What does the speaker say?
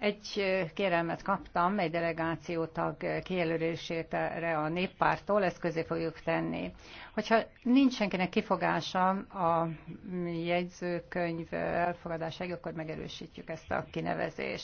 Egy kérelmet kaptam, egy tag kijelölésére a néppártól, ezt közé fogjuk tenni. Hogyha nincs senkinek kifogása a jegyzőkönyv elfogadásáig, akkor megerősítjük ezt a kinevezést.